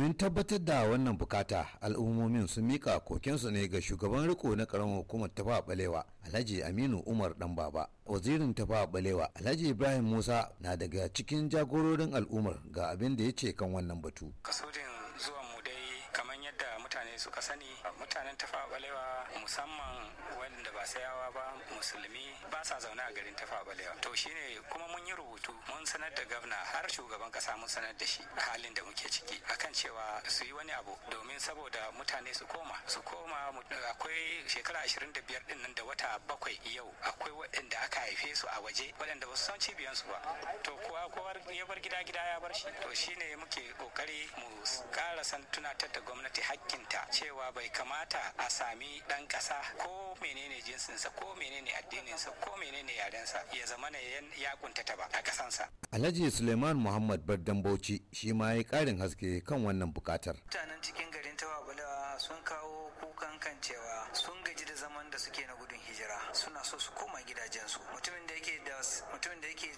domin tabbatar da wannan bukata al'ummomin sun mika kokensu ne ga shugaban riko na karamar hukumar tafa balewa alhaji aminu umar dan baba wazirin tafa balewa alhaji ibrahim musa na daga cikin jagororin al'ummar ga abin da ya ce kan wannan batu kasudin zuwan mu dai yadda mutane suka sani mutanen tafa balewa musamman wanda ba sayawa ba musulmi ba sa zaune a garin tafa balewa to shine kuma mun yi rubutu sanar da gwamna har shugaban kasa mun sanar da shi a halin da muke ciki akan cewa su yi wani abu domin saboda mutane su koma su koma akwai shekara ashirin da din da wata bakwai yau akwai waɗanda aka haife su a waje waɗanda ba su san cibiyansu ba to ba ko ya bar gida gida ya bar shi to shine muke kokari mu kara san tunatar da gwamnati hakkinta cewa bai kamata a sami dan kasa ko menene jinsinsa ko menene addininsa ko menene yarensa ya zama ne ya kuntata ba a kasansa Alhaji Suleiman Muhammad Bardan Bauchi shi ma ya karin haske kan wannan bukatar mutanen cikin garin Tawabalawa sun kawo kukan kan cewa sun gaji da zaman da suke na gudun hijira suna so su koma gidajensu mutumin da yake da mutumin da yake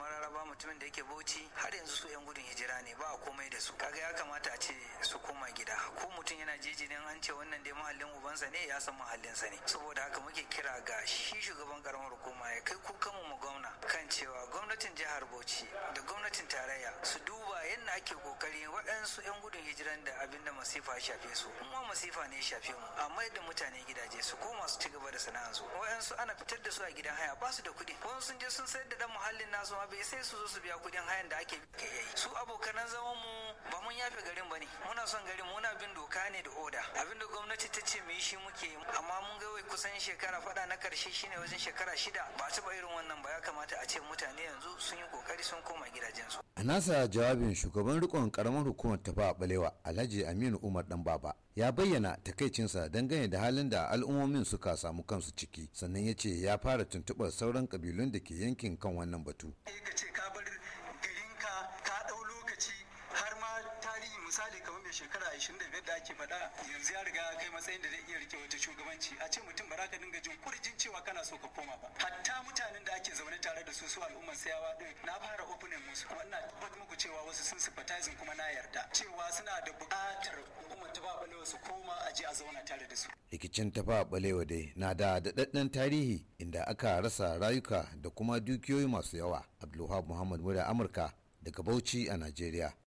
mararaba mutumin da yake bauchi har yanzu su yan gudun hijira ne ba komai da su kaga ya kamata a ce su koma gida ko mutum yana jeji ne an ce wannan dai mahallin ubansa ne ya san mahallinsa ne saboda haka muke kira ga shi shugaban karamar hukuma ya kai ko gwamnatin jihar bauchi da gwamnatin tarayya su duba yadda ake kokari waɗansu 'yan gudun hijiran da abin da masifa ya shafe su kuma masifa ne ya shafe mu amma yadda mutane gidaje su koma su ci gaba da su. waɗansu ana fitar da su a gidan haya ba su da kuɗi wani sun je sun sayar da dan muhallin nasu ma bai sai su zo su biya kuɗin hayan da ake ke yayi su abokanan zaman mu ba mun yafe garin bane muna son garin muna bin doka ne da oda abin da gwamnati ta ce mu yi shi muke amma mun ga wai kusan shekara faɗa na karshe shine wajen shekara shida ba taɓa irin wannan ba ya kamata a ce mutane yanzu sun yi kokari sun koma gidajensu a nasa jawabin shugaban rikon karamar hukumar tafa a balewa alhaji aminu umar dan baba ya bayyana takaicinsa dangane da halin da al'ummomin suka samu kansu ciki sannan ya ce ya fara tuntuɓar sauran kabilun da ke yankin kan wannan batu misali kamar mai shekara 25 da ake faɗa yanzu ya riga kai matsayin da zai iya rike wata shugabanci a ce mutum ba za ka dinga jin kurjin cewa kana so ka koma ba hatta mutanen da tare da su su al'ummar sayawa din na fara opening musu kuma ina tabbatar muku cewa wasu sun sympathizing kuma na yarda cewa suna da buƙatar hukumar ta ba balewa su koma a je a zauna tare da su rikicin ta ba balewa dai na da daɗaɗɗen tarihi inda aka rasa rayuka da kuma dukiyoyi masu yawa abdulwahab muhammad mura amurka daga bauchi a najeriya